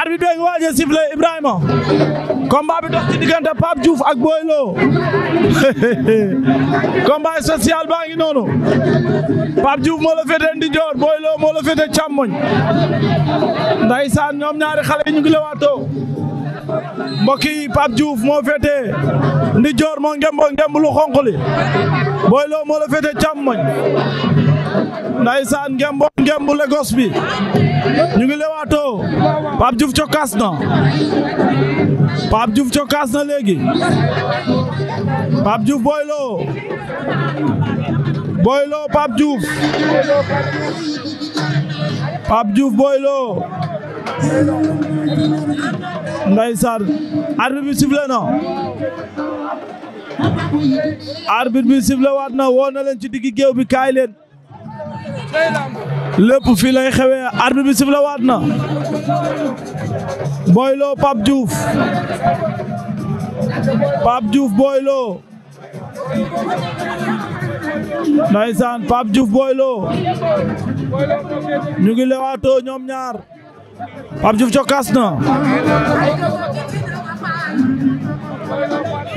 arbitre bi ngi waaj a sifflé Ibrahima combat bi dox ci diggante Pape Diouf ak Boy Lo combat social baa ngi noonu Pape Diouf moo la féete ndijoor Boy Lo moo la féete càmmoñ ndaysaan ñoom ñaari xale yi ñu ngi lewaatoo mbokk yi Pape Diouf moo féete ndijoor moo ngemb ngemb xonq li Boy moo la féete càmmoñ ndaysaan ngembo ngembu Lagos bi ñu ngi lewaatoo Pape Diouf cokkaas na Pape Diouf cokkaas na léegi Pape Diouf boyloo boyloo Pape Diouf Pape Diouf boyloo ndaysaan arbitre bi sifflé na arbitre bi sifflé waat na woo na leen ci diggi géew bi kaay leen lépp fii lay xewee arbitre bi siflé waat na Boy Lo Pape Diouf Pape Diouf Boy Lo ndaysaan Pape Diouf Boy Lo ñu ngi lewaatoo ñoom ñaar Pape Diouf cokkaas na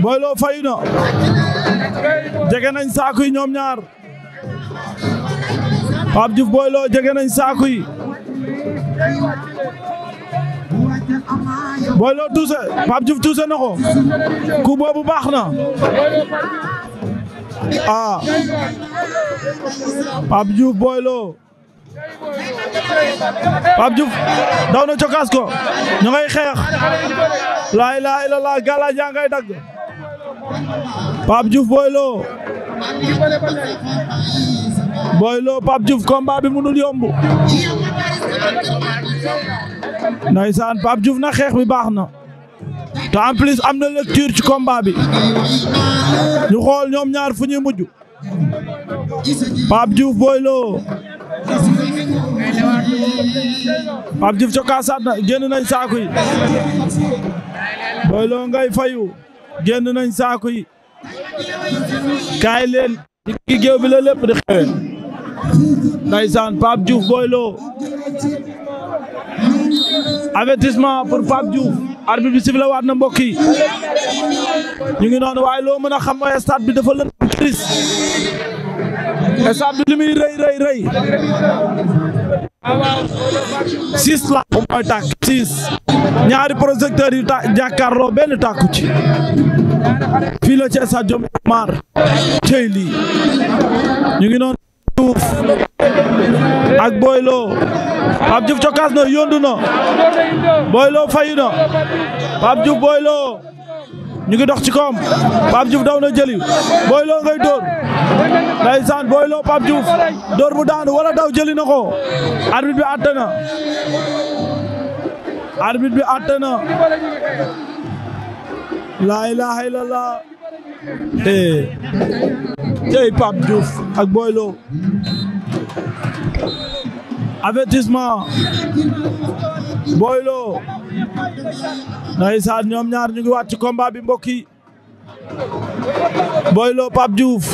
Boy Lo fayu na jege nañ saaku yi ñoom ñaar Pape Diouf Boy Lo jege nañ saaku yi Boy Lo tuuse Pape Diouf tuuse na ku boobu baax na ah Pape Diouf Boy Lo Pape Diouf daw na cokaas ko ñu xeex laa ilaaha illallaah gala jaa ngay dagg Pape Boy Lo Pape Diouf combat bi munul yomb ndaysaan Pape Diouf na xeex bi baax na te en plus am na lecture ci combat bi ñu xool ñoom ñaar fu ñuy mujj Pape Diouf Boy Lo Pape Diouf cokkaasaat na génn nañ saaku yi Boy Lo ngay fayu génn nañ saaku yi kaay leen ci géew bi la lépp di xewe ndaysaan Pape Diouf Boy Lo avertissement pour Pape Diouf arbitre bi sifflé waat na mbokk yi ñu ngi noonu waaye loo mën a xam mooy stade bi dafa lëndëm tris stade bi li muy rëy rëy rëy six la mooy tàkk six ñaari projecteurs yu ta jàkkaarloo benn tàkku ci fii la ci Mar tey ak Boy Lo Pape Diouf cokaas na yondu na Boy Lo fayu na Pape Diouf Boy Lo ñu ngi dox ci koom Pape Diouf daw na jëli Boy Lo ngay dóor ndeysaan Boy Lo Pape Diouf dóor mu daanu wala daw jëli na ko arbitre bi àtte na arbitre bi àtte na laa ilaaha illallah tey eh. Pape Diouf ak Boy Lo avertissement Boy Lo ndeysaan ñoom ñaar ñu ngi wàcc combat bi mbokk yi Boy Lo Pape Diouf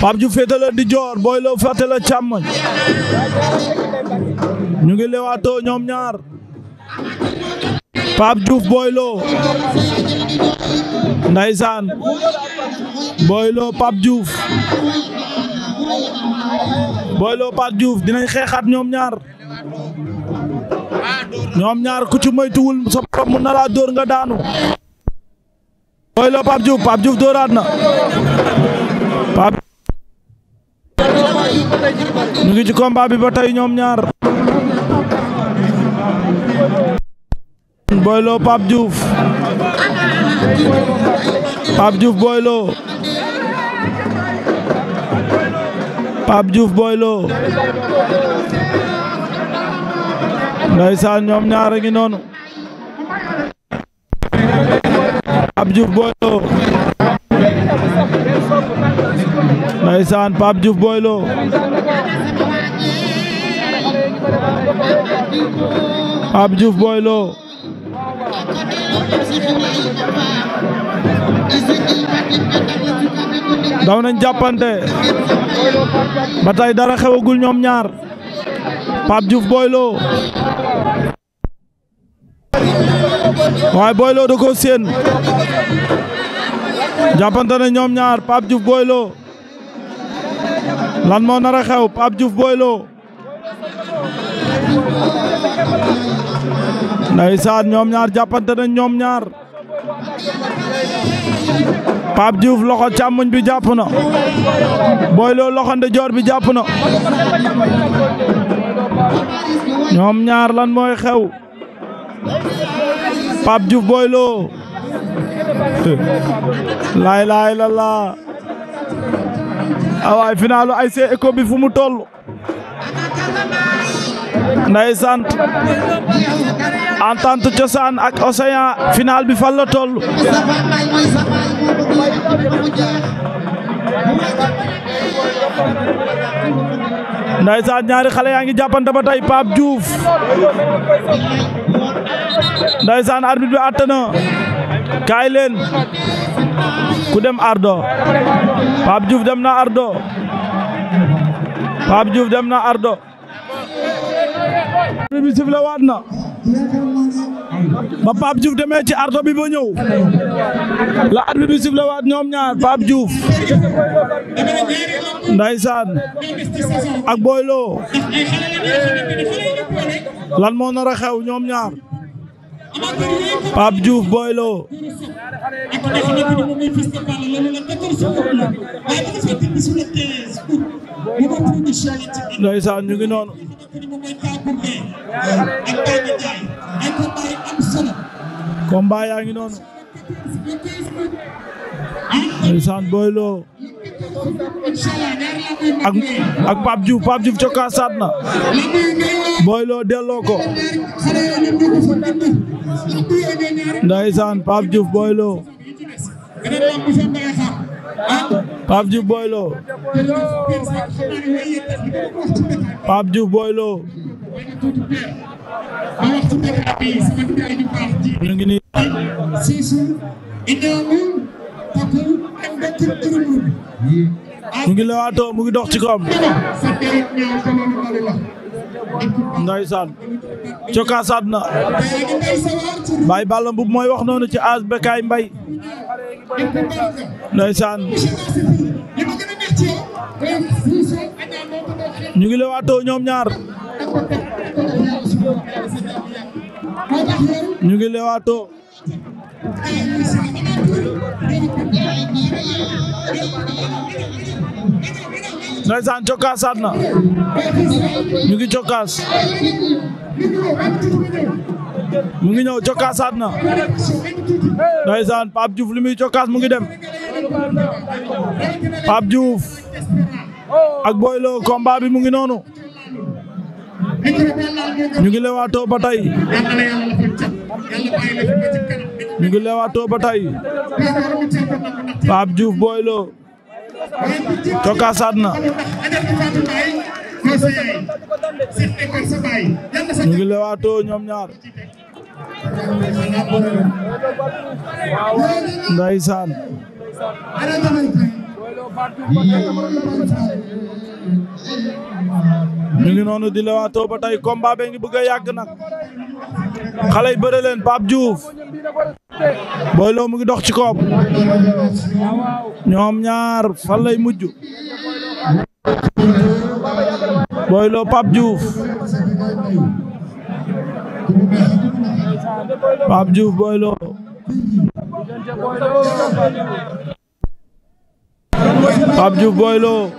Pape Diouf féete la ndijoor Boy Lo féete la càmmoñ ñu ngi lewaatoo ñoom ñaar Pape juuf Boy ndaysaan Boy Lo Pape Diouf Boy Lo Pape Diouf dinañ xeexaat ñoom ñaar ñoom ñaar ku ci moytuwul sa mun na laa dóor nga daanu Boy Lo Pape Diouf Pape Diouf na Pape ñu ngi ci combat bi ba tey ñoom ñaar Boy Lo Pape Pape Diouf Boy Lo Pape Diouf Boy Lo ndeysaan ñoom ñaar a noonu Pape Diouf Boy Lo saan Pape Diouf Boy Lo Pape Diouf daw nañ jàppante ba tey dara xewagul ñoom ñaar Pape Diouf Boy Lo waaye Boy da ko seen jàppante na ñoom ñaar Pape Diouf Boy Lo lan moo nar a xew Pape Diouf ndeysaan ñoom ñaar jàppante nañ ñoom ñaar Pape Diouf loxo càmmuñ bi jàpp na Boy Lo loxo ndeyjoor bi jàpp na ñoom ñaar lan mooy xew Pape Diouf Boy Lo laay laay la laa awaay finaalu ay see éco bi fu mu toll nday ndeysaan entente cosaan ak Océan final bi fan la toll ndeysaan ñaari xale yaa ngi jàppante ba tey Pape Diouf ndeysaan arbitre bi àtte na kaay ku dem ardo Pape juuf dem na ardo Pape dem na ardo bi sifle waat na ba Pape Diouf demee ci ardo bi ba ñëw la arbi bi sifle waat ñoom ñaar Pape Diouf ndaysaan ak Boy Lo lan moo nar a xew ñoom ñaar Pape Diouf Boy Lo ndeysaan ñu ngi noonu combat yaa ngi noonu ndeysaan Boy Lo ak ak Pape Diouf Pape Diouf cokkaasaat na Boy Lo delloo ko ndaysaan Pape Diouf Boy Lo Pape Diouf Boy Lo Pape mu ngi lewaatoo mu ngi dox ci kawam. Ndeysaan cokkaasaat na Baye Balla Mbuub mooy wax noonu ci aas mbay Mbaye Ndeysaan ñu ngi lewaatoo ñoom ñaar ñu ngi lewaatoo Ndeysaan cokkaas saat ñu ngi cokkaas mu ngi ñëw cokkaas saat na Ndeysaan Pape Diouf li muy cokkaas mu ngi dem Pape Diouf ak Boy Lo combat bi mu ngi noonu ñu ngi lewaatoo ba ñu ngi lewaatoo ba tey Pape Diouf Boy Lo cokaasaat na ñu ngi leewaatoo ñoom ñaar ndeysaan ñu ngi noonu di leewaatoo ba tey combat bi ngi bëgg a yàgg nag xale yi bëre leen Pape Diouf Boy Lo mu ngi dox ci koob ñoom ñaar fan lay mujj Boy Lo Pape Diouf Pape Diouf Boy Lo Pape Diouf Boy Lo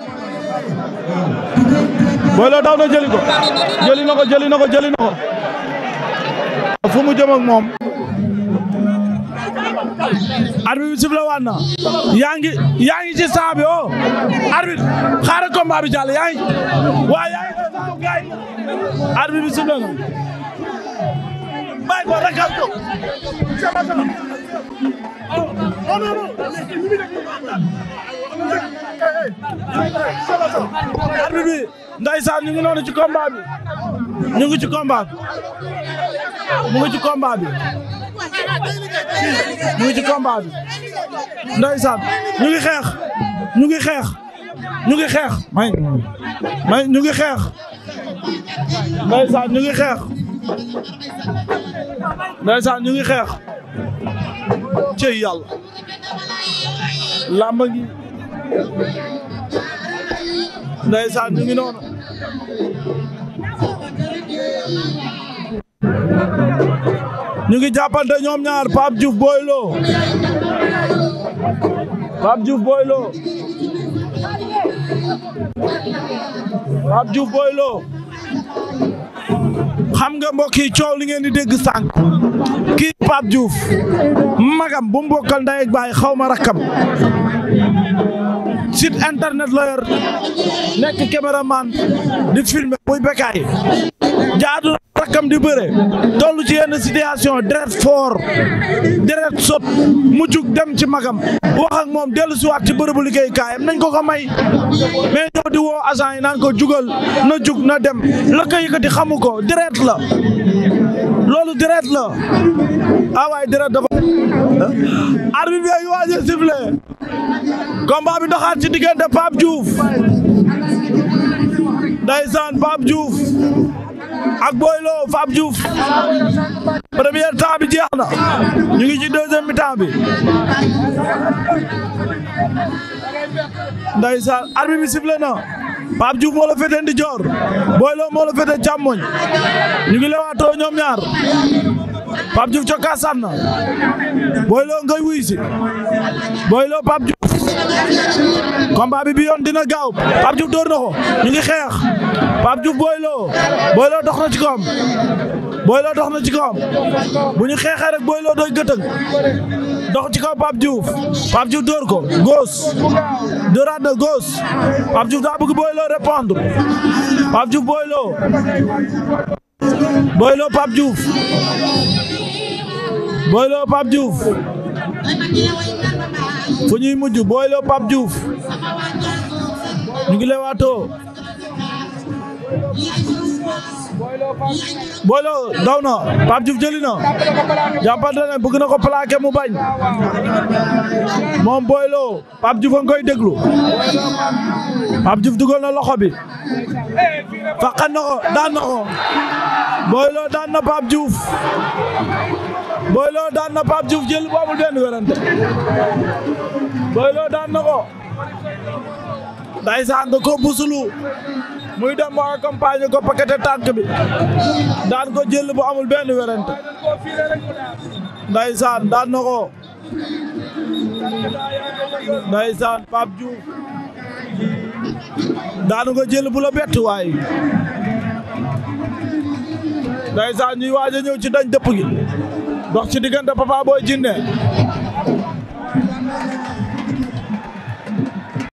Boy Lo daw na jëli ko fu mu jëm moom. arbitre bi sifflé waat na yaa ngi ci saa bi oh arbitre bi jàll yaa ngi waa yaa ngi ko gaay arbitre bi sifflé na bàyyi ko rek am ko sama sama noonu ci combat bi ñu ngi ci combat bi ngi ci combat bi mu ci combat bi ndeysaan ñu ngi xeex ñu ngi xeex ñu ngi xeex may may ñu ngi xeex ndeysaan ñu ngi xeex ndeysaan ñu ngi xeex cey yàlla gi ngi ndeysaan ñu ngi noonu ñu ngi jàppante ñoom ñaar Pape Diouf booy loo Pape Diouf Boy Lo Pape xam nga mbokk yi coow li di dégg sànq kii Pape Diouf magam bu mu bokkal ndey baay xaw ma rakkam site internet la yor nekk caméraman di filmer muy bekkaay jaadu rakkam di bëre toll ci yenn situation deret fort deret sot mu jug dem ci magam wax ak moom dellu siwaat ci bërëbu liggéey kaayam nañ ko ko may mais ñoo di woo agent yi naan ko jugal na jug na dem la ko yëkkati xamu ko deret la loolu deret la ah deret dafa arbitre bi ay waaj a sifflé combat bi doxaat ci diggante Pape Diouf ndeysaan Pape Diouf ak Boylo Fab Diouf premier temps bi ñu ngi ci deuxième mi-temps bi ndeysaan arbitre bi sifflé na Fab Diouf moo la féete ndi joor Boylo moo la féete càmmoñ ñu ngi lewaatoo ñoom ñaar Fab Diouf cokkaasaan na Boylo ngay wuy Boylo Fab Diouf combat bi bi dina gaaw Pape Diouf door na ko ñu ngi xeex Pape Diouf Boy Lo Boy Lo dox na ci koom Boy Lo dox na ci koom bu ñu xeexee rek Boy Lo doy gëtëg dox ci kaw Pape Diouf door ko góos dooraat na góos Boy Lo répondre Pape Diouf Boy Lo Boy Lo Pape Diouf fu ñuy mujj booy loo Pape ñu ngi lay waatoo booy loo daw na Pape Diouf jëli na jàppante ne bëgg na ko plaqué mu bañ moom booy loo Pape Diouf koy déglu Pape Diouf dugal na loxo bi faqan na ko daan na ko daan na Pape Diouf Boy Lo daan na Pape Diouf jël bu amul benn werante Boy Lo daan na ko ndaysaan da ko busulu muy dem mu accompagné ko paquete tànk bi daan ko jël bu amul benn werante ndaysaan daan na ko ndaysaan Pape Diouf daan ko jël bu bett waay ndaysaan ñuy waaj a ñëw ci dañ dëpp gi dox ci diggante Papa Boy Djiné